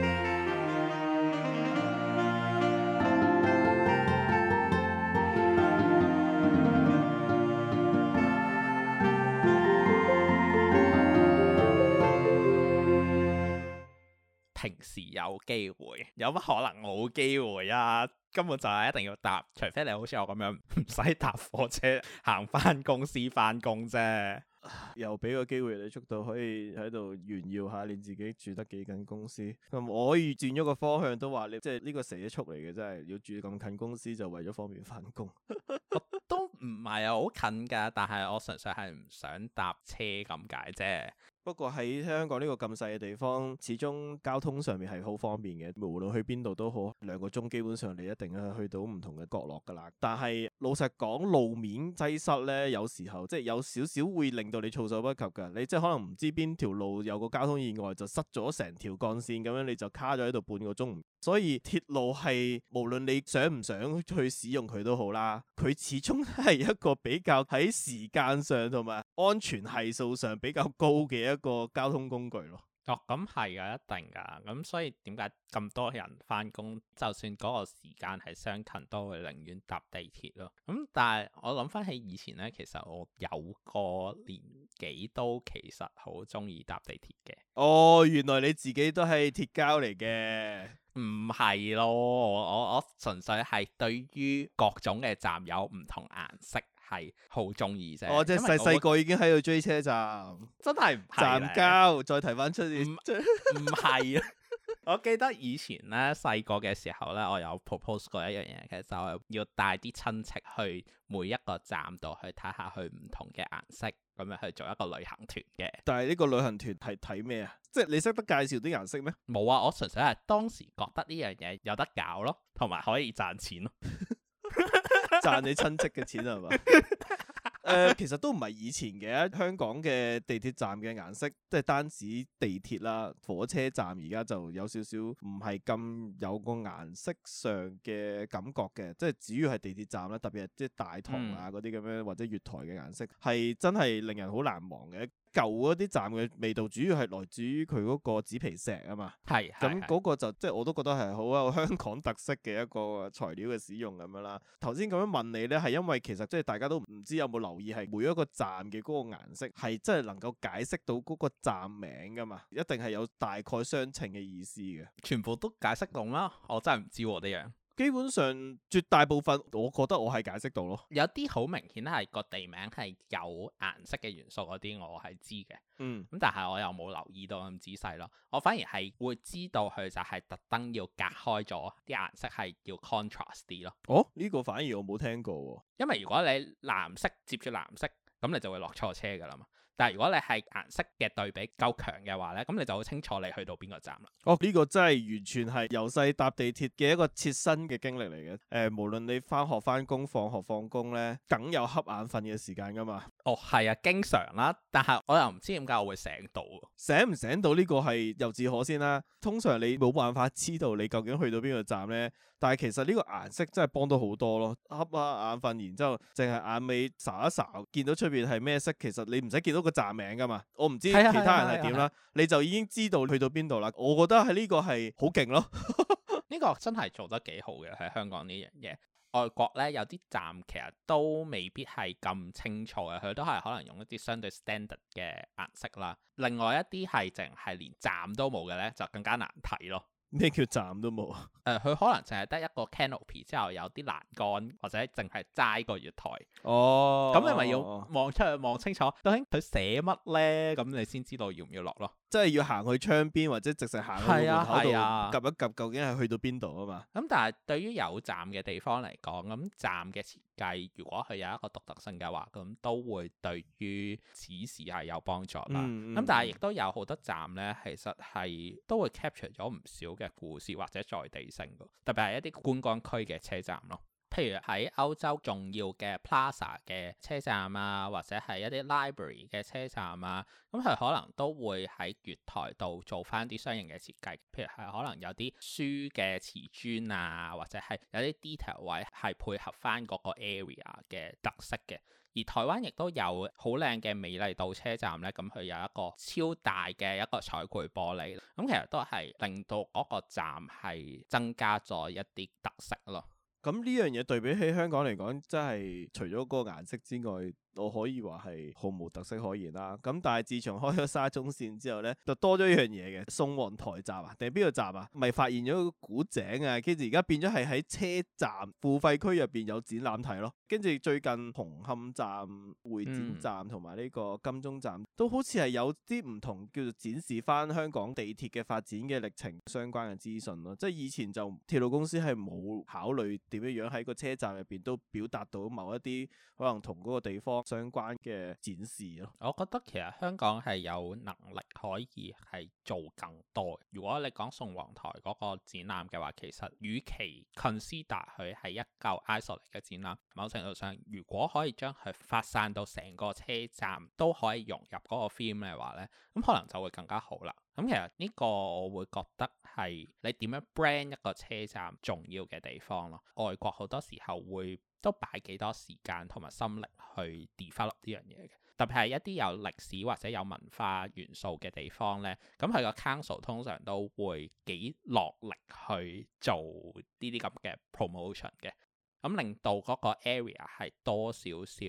平時有機會，有乜可能冇機會啊？根本就係一定要搭，除非你好似我咁樣唔使搭火車行翻公司翻工啫。又俾個機會你速度可以喺度炫耀下你自己住得幾近公司。咁我可以轉咗個方向都話你，即係呢個寫速嚟嘅真係要住咁近公司就為咗方便翻工。 都唔係啊，好近㗎，但係我純粹係唔想搭車咁解啫。不過喺香港呢個咁細嘅地方，始終交通上面係好方便嘅，無論去邊度都好，兩個鐘，基本上你一定啊去到唔同嘅角落㗎啦。但係老實講，路面擠塞呢，有時候即係有少少會令到你措手不及㗎。你即係可能唔知邊條路有個交通意外，就塞咗成條幹線，咁樣你就卡咗喺度半個鐘。所以鐵路係無論你想唔想去使用佢都好啦，佢始終係一個比較喺時間上同埋安全係數上比較高嘅一個，個交通工具咯，哦，咁係噶，一定噶，咁、嗯、所以點解咁多人翻工，就算嗰個時間係相近，都會寧願搭地鐵咯。咁、嗯、但係我諗翻起以前呢，其實我有個年幾都其實好中意搭地鐵嘅。哦，原來你自己都係鐵膠嚟嘅？唔係咯，我我純粹係對於各種嘅站有唔同顏色。係好中意啫，我即係細細個已經喺度追車站，真係站膠。的再提翻出啲，唔係啊！我記得以前咧細個嘅時候咧，我有 propose 過一樣嘢嘅，就係要帶啲親戚去每一個站度去睇下，去唔同嘅顏色，咁樣去做一個旅行團嘅。但係呢個旅行團係睇咩啊？即係你識得介紹啲顏色咩？冇啊！我純粹係當時覺得呢樣嘢有得搞咯，同埋可以賺錢咯。 賺你親戚嘅錢係嘛、 呃，其實都唔係以前嘅香港嘅地鐵站嘅顏色，即係單指地鐵啦、火車站，而家就有少少唔係咁有個顏色上嘅感覺嘅。即係主要係地鐵站啦，特別係即係大堂啊嗰啲咁樣或者月台嘅顏色，係、嗯、真係令人好難忘嘅。舊嗰啲站嘅味道主要係來自於佢嗰個紙皮石啊嘛，係，咁嗰個就即係我都覺得係好有香港特色嘅一個材料嘅使用咁樣啦。頭先咁樣問你咧，係因為其實即係大家都唔知有冇留意係每一個站嘅嗰個顏色係真係能夠解釋到嗰個站名噶嘛，一定係有大概相稱嘅意思嘅，全部都解釋到啦，我真係唔知喎，呢樣。基本上絕大部分，我覺得我係解釋到咯。有啲好明顯係個地名係有顏色嘅元素嗰啲，我係知嘅。嗯，咁但係我又冇留意到咁仔細咯。我反而係會知道佢就係特登要隔開咗啲顏色係叫 contrast 啲咯。哦，呢個反而我冇聽過喎。因為如果你藍色接住藍色，咁你就會落錯車噶啦嘛。但如果你係顏色嘅對比夠強嘅話咧，咁你就好清楚你去到邊個站啦。哦，呢、這個真係完全係由細搭地鐵嘅一個切身嘅經歷嚟嘅。誒、呃，無論你返學返工、放學放工咧，梗有瞌眼瞓嘅時間㗎嘛。哦，係啊，經常啦，但係我又唔知點解我會醒到。醒唔醒到呢、這個係由自可先啦。通常你冇辦法知道你究竟去到邊個站咧。但係其實呢個顏色真係幫到好多咯，瞌吓眼瞓，然之後淨係眼尾睄一睄，見到出邊係咩色，其實你唔使見到個站名噶嘛，我唔知其他人係點啦，啊啊啊啊啊、你就已經知道去到邊度啦。我覺得係呢個係好勁咯，呢 個真係做得幾好嘅，喺香港呢樣嘢。外國咧有啲站其實都未必係咁清楚嘅，佢都係可能用一啲相對 standard 嘅顏色啦。另外一啲係淨係連站都冇嘅咧，就更加難睇咯。咩叫站都冇？呃，誒，佢可能淨係得一個 canopy 之後有啲欄杆，或者淨係齋個月台。哦，咁你咪要望出去望清楚，究竟佢寫乜咧？咁你先知道要唔要落咯。即係要行去窗邊或者直直行去門口度，係啊，係啊，及一及究竟係去到邊度啊嘛？咁、嗯、但係對於有站嘅地方嚟講，咁站嘅設計如果佢有一個獨特性嘅話，咁都會對於指示係有幫助啦。咁、嗯嗯、但係亦都有好多站咧，其實係都會 capture 咗唔少嘅故事或者在地性嘅，特別係一啲觀光區嘅車站咯。譬如喺歐洲重要嘅 plaza 嘅車站啊，或者係一啲 library 嘅車站啊，咁、嗯、佢可能都會喺月台度做翻啲相應嘅設計。譬如係可能有啲書嘅瓷磚啊，或者係有啲 detail 位係配合翻嗰個 area 嘅特色嘅。而台灣亦都有好靚嘅美麗島車站咧，咁、嗯、佢有一個超大嘅一個彩繪玻璃，咁、嗯、其實都係令到嗰個站係增加咗一啲特色咯。咁呢樣嘢對比起香港嚟講，真係除咗個顏色之外，我可以話係毫無特色可言啦，咁但係自從開咗沙中線之後呢，就多咗一樣嘢嘅，宋皇臺站啊，定邊個站啊，咪發現咗個古井啊，跟住而家變咗係喺車站付費區入邊有展覽睇咯，跟住最近紅磡站、會展站同埋呢個金鐘站、嗯、都好似係有啲唔同，叫做展示翻香港地鐵嘅發展嘅歷程相關嘅資訊咯，即係以前就鐵路公司係冇考慮點樣樣喺個車站入邊都表達到某一啲可能同嗰個地方。相關嘅展示咯，我覺得其實香港係有能力可以係做更多。如果你講宋皇台嗰個展覽嘅話，其實與其 consider 佢係一嚿 isolated 嘅展覽，某程度上如果可以將佢發散到成個車站都可以融入嗰個 theme 嘅話呢，咁可能就會更加好啦。咁其實呢個我會覺得係你點樣 brand 一個車站重要嘅地方咯。外國好多時候會，都擺幾多時間同埋心力去 develop 呢樣嘢嘅，特別係一啲有歷史或者有文化元素嘅地方咧，咁佢個 council 通常都會幾落力去做呢啲咁嘅 promotion 嘅。咁令到嗰個 area 係多少少吸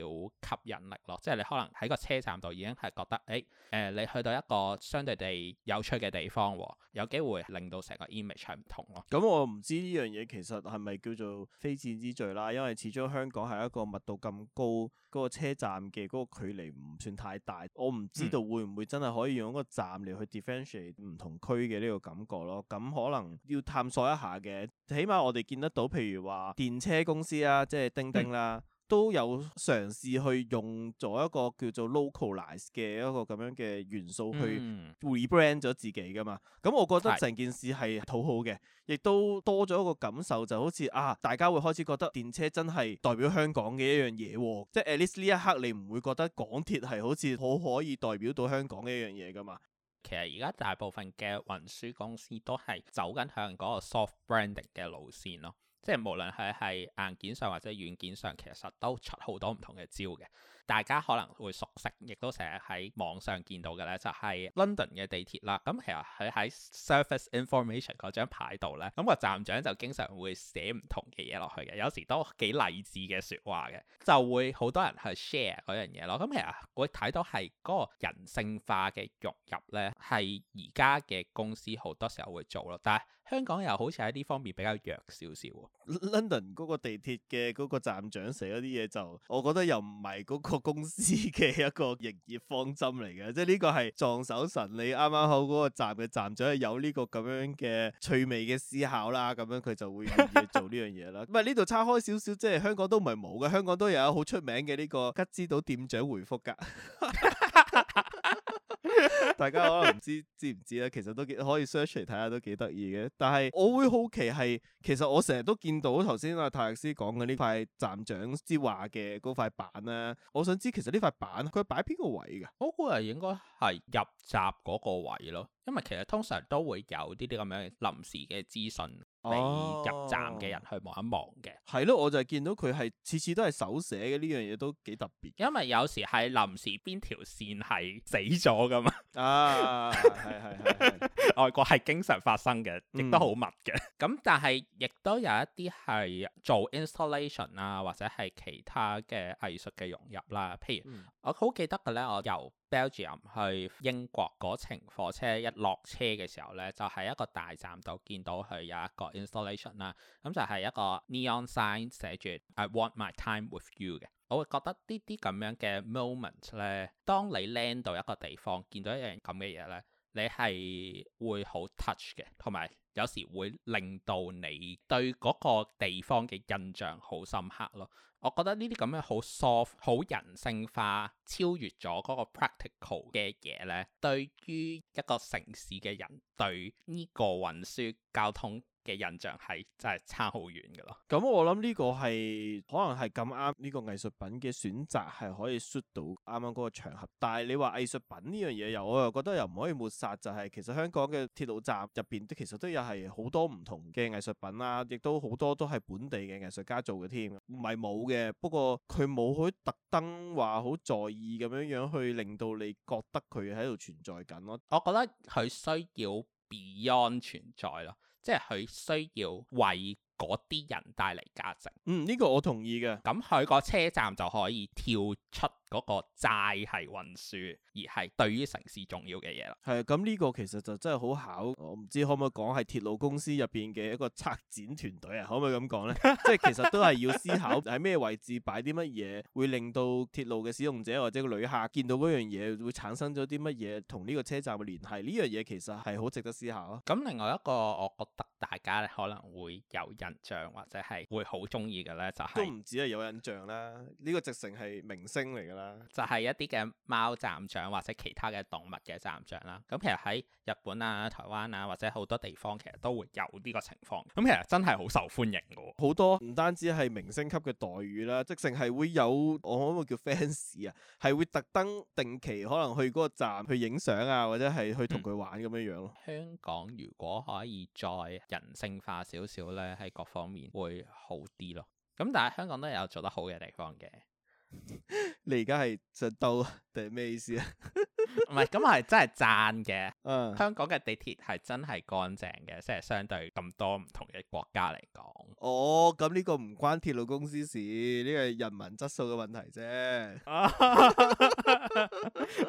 引力咯，即係你可能喺個車站度已經係覺得，誒、哎、誒、呃、你去到一個相對地有趣嘅地方，有機會令到成個 image 係唔同咯。咁我唔知呢樣嘢其實係咪叫做非戰之罪啦，因為始終香港係一個密度咁高，嗰、那個車站嘅嗰個距離唔算太大，我唔知道會唔會真係可以用一個站嚟去 differentiate 唔同區嘅呢個感覺咯。咁、嗯、可能要探索一下嘅。起碼我哋見得到，譬如話電車公司啊，即係叮叮啦，嗯、都有嘗試去用咗一個叫做 localize 嘅一個咁樣嘅元素去 rebrand 咗自己噶嘛。咁我覺得成件事係討好嘅，亦都多咗一個感受，就好似啊，大家會開始覺得電車真係代表香港嘅一樣嘢、啊。即係 at least 呢一刻，你唔會覺得港鐵係好似好可以代表到香港嘅一樣嘢噶嘛。其實而家大部分嘅運輸公司都係走緊向嗰個 soft branding 嘅路線咯，即係無論佢係硬件上或者軟件上，其實都出好多唔同嘅招嘅。大家可能會熟悉，亦都成日喺網上見到嘅咧，就係 London 嘅地鐵啦。咁其實佢喺 Surface Information 嗰張牌度咧，咁個站長就經常會寫唔同嘅嘢落去嘅，有時都幾勵志嘅説話嘅，就會好多人去 share 嗰樣嘢咯。咁其實我睇到係嗰個人性化嘅融入咧，係而家嘅公司好多時候會做咯，但係香港又好似喺呢方面比較弱少少。London 嗰個地鐵嘅嗰個站長寫嗰啲嘢就，我覺得又唔係嗰公司嘅一個營業方針嚟嘅，即係呢個係撞手神，你啱啱好嗰個站嘅站長有呢個咁樣嘅趣味嘅思考啦，咁樣佢就會願意去做呢樣嘢啦。唔係呢度叉開少少，即係香港都唔係冇嘅，香港都有好出名嘅呢個吉之島店長回覆㗎。 大家可能唔知知唔知咧，其實都幾可以 search 嚟睇下，都幾得意嘅。但係我會好奇係，其實我成日都見到頭先阿泰力斯講嘅呢塊站長之話嘅嗰塊板咧，我想知其實呢塊板佢擺邊個位嘅？我估係應該係入閘嗰個位咯，因為其實通常都會有啲啲咁樣臨時嘅資訊。畀入站嘅人去望一望嘅，係咯，我就係見到佢係次次都係手寫嘅，呢樣嘢都幾特別，因為有時係臨時邊條線係死咗噶嘛，啊，係係係， 外國係經常發生嘅，亦都好密嘅，咁但係亦都有一啲係做 installation 啊，或者係其他嘅藝術嘅融入啦，譬如、嗯、我好記得嘅咧，我由。Belgium 去英國嗰程火車一落車嘅時候呢，就喺一個大站度見到佢有一個 installation 啦，咁就係一個 neon sign 寫住 I want my time with you 嘅，我會覺得呢啲咁樣嘅 moment 呢，當你 land 到一個地方，見到一樣咁嘅嘢呢，你係會好 touch 嘅，同埋。有時會令到你對嗰個地方嘅印象好深刻咯。我覺得呢啲咁樣好 soft、好人性化、超越咗嗰個 practical 嘅嘢呢。對於一個城市嘅人對呢個運輸交通嘅印象，係真係差好遠嘅咯，咁我諗呢個係可能係咁啱呢個藝術品嘅選擇係可以 suit 到啱啱嗰個場合，但係你話藝術品呢樣嘢又我又覺得又唔可以抹殺，就係、係、其實香港嘅鐵路站入邊都其實都有係好多唔同嘅藝術品啦，亦都好多都係本地嘅藝術家做嘅添，唔係冇嘅，不過佢冇去特登話好在意咁樣樣去令到你覺得佢喺度存在緊咯，我覺得佢需要 beyond 存在咯。即係佢需要為。嗰啲人帶嚟價值，嗯，呢、這個我同意嘅。咁佢個車站就可以跳出嗰個債係運輸，而係對於城市重要嘅嘢啦。係，咁呢個其實就真係好考，我唔知可唔可以講，係鐵路公司入邊嘅一個策展團隊，啊？可唔可以咁講咧？ 即係其實都係要思考喺咩位置擺啲乜嘢，會令到鐵路嘅使用者或者個旅客見到嗰樣嘢，會產生咗啲乜嘢同呢個車站嘅聯繫。呢樣嘢其實係好值得思考咯、啊。咁另外一個我覺得大家咧可能會有人像或者係會好中意嘅咧，就係、是、都唔止係有印象啦，呢、這個直成係明星嚟噶啦，就係一啲嘅貓站長或者其他嘅動物嘅站長啦。咁其實喺日本啊、台灣啊或者好多地方，其實都會有呢個情況。咁其實真係好受歡迎嘅，好多唔單止係明星級嘅待遇啦，直成係會有我可唔可以叫 fans 啊，係會特登定期可能去嗰個站去影相啊，或者係去同佢玩咁、嗯、樣樣咯。香港如果可以再人性化少少咧，係。各方面會好啲咯，咁但係香港都有做得好嘅地方嘅。 你而家係食到定係咩意思啊？ 唔係，咁我係真係讚嘅。嗯，香港嘅地鐵係真係乾淨嘅，即係相對咁多唔同嘅國家嚟講。哦，咁呢個唔關鐵路公司事，呢個係人民質素嘅問題啫。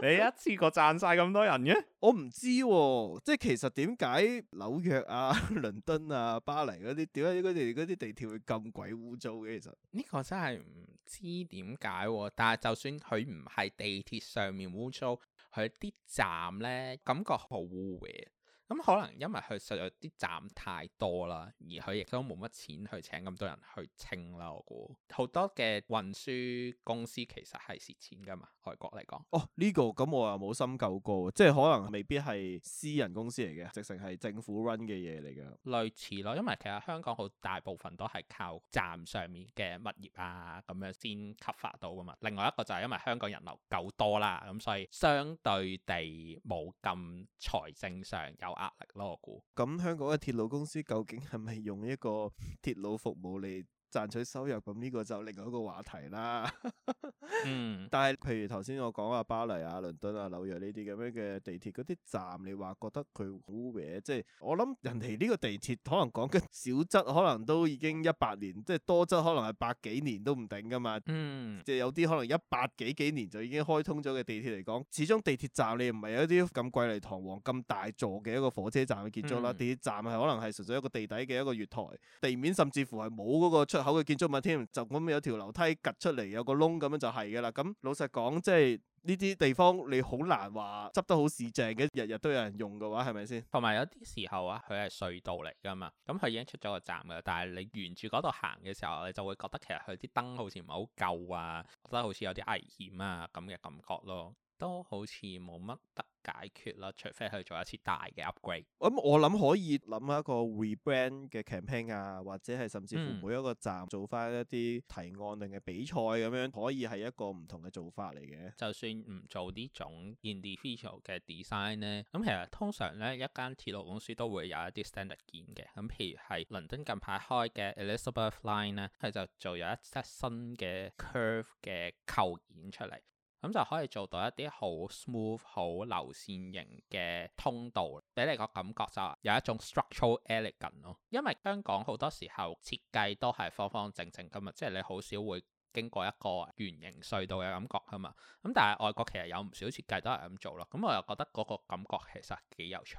你一次過讚晒咁多人嘅？ 我唔知、哦，即係其實點解紐約啊、倫敦啊、巴黎嗰啲，點解佢哋嗰啲地鐵會咁鬼污糟嘅？其實呢個真係唔知點解，但係就算佢唔係地鐵上面污糟。佢啲站咧，感覺好污嘅。咁可能因為佢實在啲站太多啦，而佢亦都冇乜錢去請咁多人去清啦。我估好多嘅運輸公司其實係蝕錢噶嘛，外國嚟講。哦，呢、這個咁、嗯、我又冇深究過，即係可能未必係私人公司嚟嘅，直情係政府 run 嘅嘢嚟嘅。類似咯，因為其實香港好大部分都係靠站上面嘅物業啊咁樣先吸發到噶嘛。另外一個就係因為香港人流夠多啦，咁所以相對地冇咁財政上有。壓力咯，我估。咁香港嘅鐵路公司究竟係咪用一個鐵路服務嚟 賺取收入咁呢、這個就另外一個話題啦。 嗯，但係譬如頭先我講啊，巴黎啊、倫敦啊、紐約呢啲咁樣嘅地鐵嗰啲站，你話覺得佢好嘅？即係我諗人哋呢個地鐵可能講緊少則，可能都已經一百年；即係多則，可能係百幾年都唔定噶嘛。嗯，即係有啲可能一百幾幾年就已經開通咗嘅地鐵嚟講，始終地鐵站你唔係有啲咁貴麗堂皇、咁大座嘅一個火車站去建築啦。嗯、地鐵站係可能係純粹一個地底嘅一個月台，地面甚至乎係冇嗰個出口嘅建築物添，就咁有條樓梯趌出嚟，有個窿咁樣就係噶啦。咁老實講，即係呢啲地方你好難話執得好市正嘅，日日都有人用嘅話，係咪先？同埋有啲時候啊，佢係隧道嚟噶嘛，咁佢已經出咗個站嘅，但係你沿住嗰度行嘅時候，你就會覺得其實佢啲燈好似唔係好夠啊，覺得好似有啲危險啊咁嘅感覺咯，都好似冇乜得。解決啦，除非去做一次大嘅 upgrade、嗯。咁我諗可以諗一個 rebrand 嘅 campaign 啊，或者係甚至乎每一個站做翻一啲提案定嘅比賽咁樣，嗯、可以係一個唔同嘅做法嚟嘅。就算唔做呢種 individual 嘅 design 咧，咁其實通常咧一間鐵路公司都會有一啲 standard 件嘅。咁譬如係倫敦近排開嘅 Elizabeth Line 咧，佢就做有一 set 新嘅 curve 嘅構件出嚟。咁就可以做到一啲好 smooth、好流線型嘅通道，俾你個感覺就有一種 structural elegant 咯。因為香港好多時候設計都係方方正正咁嘛，即係你好少會經過一個圓形隧道嘅感覺啊嘛。咁但係外國其實有唔少設計都係咁做咯。咁我又覺得嗰個感覺其實幾有趣。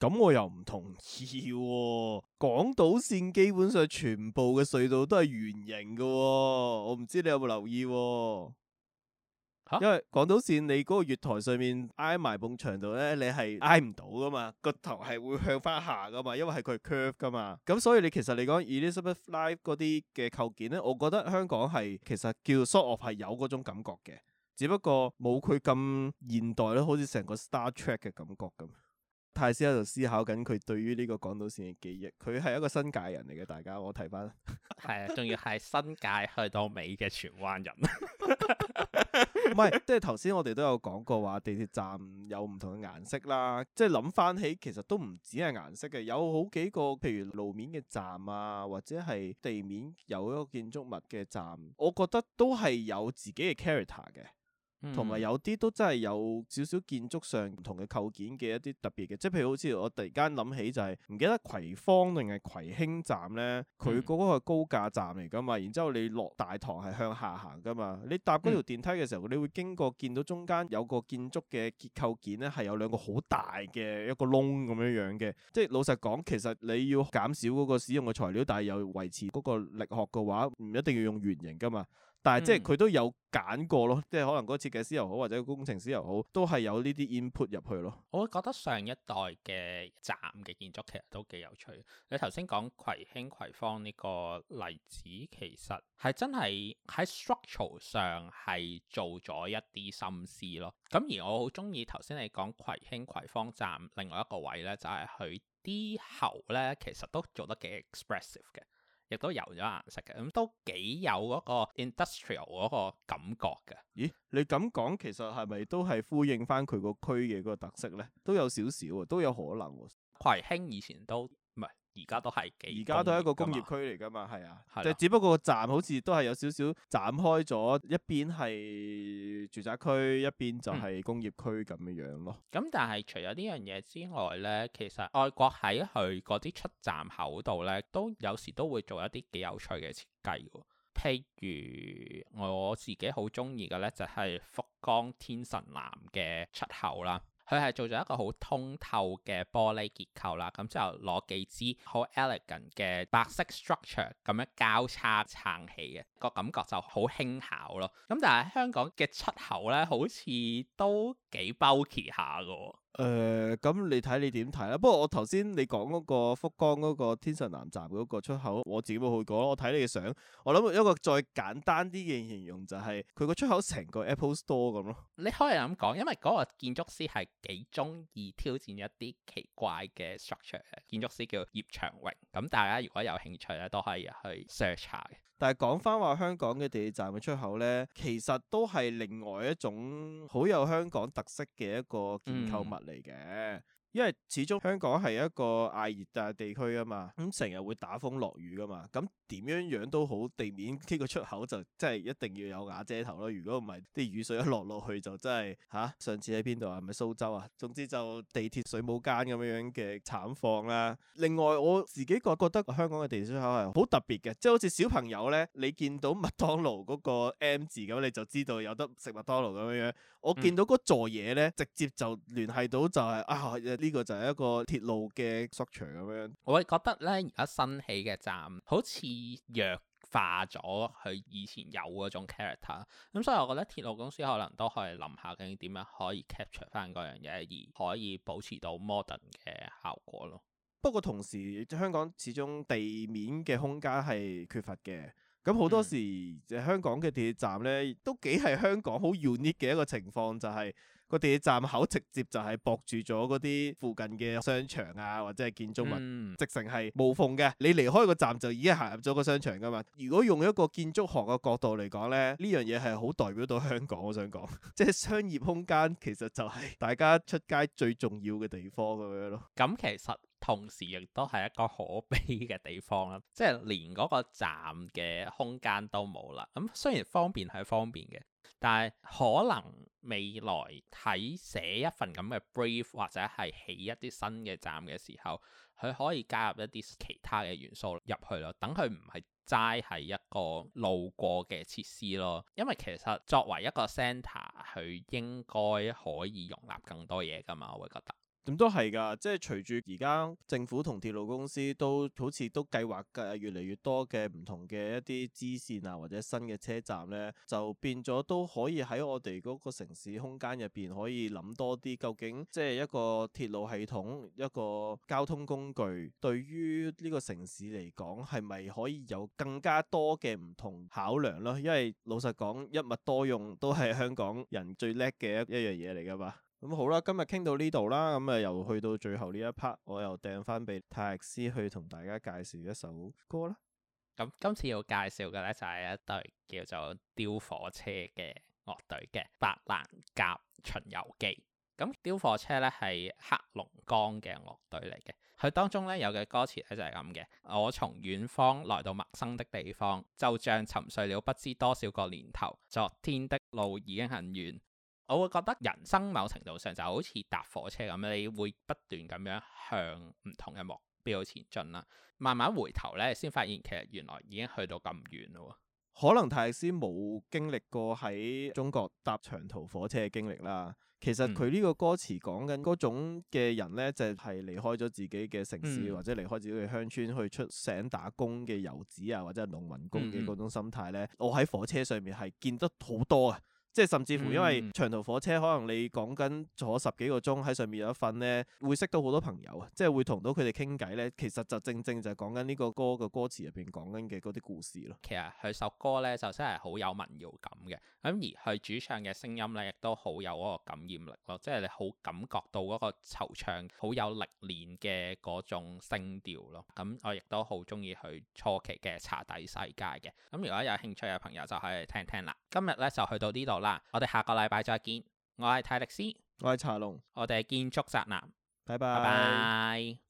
咁我又唔同意喎，港島線基本上全部嘅隧道都係圓形㗎喎，我唔知你有冇留意喎。因為港島線你嗰個月台上面挨埋埲牆度咧，你係挨唔到噶嘛，個頭係會向翻下噶嘛，因為係佢 curve 噶嘛。咁所以你其實你講 Elizabeth Line 嗰啲嘅構件咧，我覺得香港係其實叫 sort of 係有嗰種感覺嘅，只不過冇佢咁現代咯，好似成個 Star Trek 嘅感覺咁。太師喺度思考緊佢對於呢個港島線嘅記憶，佢係一個新界人嚟嘅，大家我睇翻。係啊，仲要係新界去到尾嘅荃灣人，唔係即係頭先我哋都有講過話地鐵站有唔同嘅顏色啦，即係諗翻起其實都唔止係顏色嘅，有好幾個譬如路面嘅站啊，或者係地面有一個建築物嘅站，我覺得都係有自己嘅 character 嘅。同埋有啲都真係有少少建築上唔同嘅構件嘅一啲特別嘅，即係譬如好似我突然間諗起就係唔記得葵芳定係葵興站咧，佢嗰個高架站嚟噶嘛，然之後你落大堂係向下行噶嘛，你搭嗰條電梯嘅時候，你會經過見到中間有個建築嘅結構件咧，係有兩個好大嘅一個窿咁樣樣嘅，即係老實講，其實你要減少嗰個使用嘅材料，但係又維持嗰個力學嘅話，唔一定要用圓形噶嘛。但係即係佢都有揀過咯，即係可能嗰個設計師又好或者工程師又好，都係有呢啲 input 入去咯。我覺得上一代嘅站嘅建築其實都幾有趣。你頭先講葵興葵芳呢個例子，其實係真係喺 structural 上係做咗一啲心思咯。咁而我好鍾意頭先你講葵興葵芳站另外一個位咧，就係佢啲喉咧其實都做得幾 expressive 嘅。亦都，顏都有咗顏色嘅，咁都幾有嗰個 industrial 嗰個感覺嘅。咦？你咁講，其實係咪都係呼應翻佢個區嘅嗰個特色咧？都有少少啊，都有可能，葵興以前都。而家都係，而家都係一個工業區嚟㗎嘛，係啊，即係的只不過個站好似都係有少少斬開咗，一邊係住宅區，一邊就係工業區咁嘅樣咯、嗯。咁但係除咗呢樣嘢之外咧，其實外國喺佢嗰啲出站口度咧，都有時都會做一啲幾有趣嘅設計喎。譬如我自己好中意嘅咧，就係福岡天神南嘅出口啦。佢係做咗一個好通透嘅玻璃結構啦，咁之後攞幾支好 elegant 嘅白色 structure 咁樣交叉撐起嘅，個感覺就好輕巧咯。咁但係香港嘅出口咧，好似都～幾 bulky 下嘅，誒、咁、呃、你睇你點睇啦。不過我頭先你講嗰個福岡嗰個天神南站嗰個出口，我自己冇去過咯。我睇你嘅相，我諗一個再簡單啲嘅形容就係佢個出口成個 Apple Store 咁咯。你可以咁講，因為嗰個建築師係幾中意挑戰一啲奇怪嘅 structure 嘅。建築師叫葉長榮，咁大家如果有興趣咧，都可以去 search 下嘅。但係講返話香港嘅地鐵站嘅出口呢，其實都係另外一種好有香港特色嘅一個建築物嚟嘅。嗯因為始終香港係一個亞熱帶地區啊嘛，咁成日會打風落雨噶嘛，咁點樣樣都好，地面呢個出口就真係一定要有瓦遮頭咯。如果唔係，啲雨水一落落去就真係嚇、啊。上次喺邊度啊？係咪蘇州啊？總之就地鐵水母間咁樣樣嘅慘況啦。另外我自己覺覺得香港嘅地鐵出口係好特別嘅，即係好似小朋友咧，你見到麥當勞嗰個 M 字咁，你就知道有得食麥當勞咁樣樣。我見到嗰座嘢咧，直接就聯繫到就係、是嗯、啊呢個就係一個鐵路嘅 structure 咁樣。我覺得咧，而家新起嘅站好似弱化咗佢以前有嗰種 character、嗯。咁所以我覺得鐵路公司可能都可以諗下，究竟點樣可以，以 capture 翻嗰樣嘢，而可以保持到 modern 嘅效果咯。不過同時，香港始終地面嘅空間係缺乏嘅。咁好多時，嗯、香港嘅地鐵站咧，都幾係香港好 unique 嘅一個情況，就係、是。個地鐵站口直接就係駁住咗嗰啲附近嘅商場啊，或者係建築物，嗯、直成係無縫嘅。你離開個站就已經行入咗個商場噶嘛。如果用一個建築學嘅角度嚟講咧，呢樣嘢係好代表到香港。我想講，即 係商業空間其實就係大家出街最重要嘅地方咁樣咯。咁、嗯、其實同時亦都係一個可悲嘅地方啦。即、就、係、是、連嗰個站嘅空間都冇啦。咁雖然方便係方便嘅。但係可能未來睇寫一份咁嘅 brief 或者係起一啲新嘅站嘅時候，佢可以加入一啲其他嘅元素入去咯。等佢唔係齋係一個路過嘅設施咯。因為其實作為一個 center，佢應該可以容納更多嘢噶嘛。我會覺得。噉都係㗎，即係隨住而家政府同鐵路公司都好似都計劃嘅越嚟越多嘅唔同嘅一啲支線啊，或者新嘅車站呢，就變咗都可以喺我哋嗰個城市空間入邊可以諗多啲，究竟即係一個鐵路系統一個交通工具對於呢個城市嚟講係咪可以有更加多嘅唔同考量咯？因為老實講，一物多用都係香港人最叻嘅一一樣嘢嚟㗎嘛。咁、嗯、好啦，今日傾到呢度啦，咁啊又去到最後呢一 part，我又掟返俾泰克斯去同大家介紹一首歌啦。咁、嗯、今次要介紹嘅呢，就係、是、一隊叫做丟火車嘅樂隊嘅《白蘭鴿巡遊記》嗯。咁丟火車呢係黑龍江嘅樂隊嚟嘅，佢當中呢，有嘅歌詞咧就係咁嘅：我從遠方來到陌生的地方，就像沉睡了不知多少個年頭。昨天的路已經很遠。我會覺得人生某程度上就好似搭火車咁，你會不斷咁樣向唔同嘅目標前進啦。慢慢回頭咧，先發現其實原來已經去到咁遠咯。可能泰斯冇經歷過喺中國搭長途火車嘅經歷啦。其實佢呢個歌詞講緊嗰種嘅人咧，就係、是、離開咗自己嘅城市、嗯、或者離開自己嘅鄉村去出省打工嘅遊子啊，或者係農民工嘅嗰種心態咧。嗯嗯、我喺火車上面係見得好多啊。即係甚至乎，因為長途火車，可能你講緊坐十幾個鐘喺上面有一份咧，會識到好多朋友啊！即係會同到佢哋傾偈咧，其實就正正就係講緊呢個歌嘅歌詞入邊講緊嘅嗰啲故事咯。其實佢首歌咧就真係好有民謠感嘅，咁而佢主唱嘅聲音咧亦都好有嗰個感染力咯，即係你好感覺到嗰個惆悵，好有歷練嘅嗰種聲調咯。咁我亦都好中意佢初期嘅茶底世界嘅。咁如果有興趣嘅朋友就可以聽聽啦。今日咧就去到呢度。我哋下個禮拜再見。我係泰力斯，我係茶龍，我哋係建築宅男。拜拜 bye。Bye bye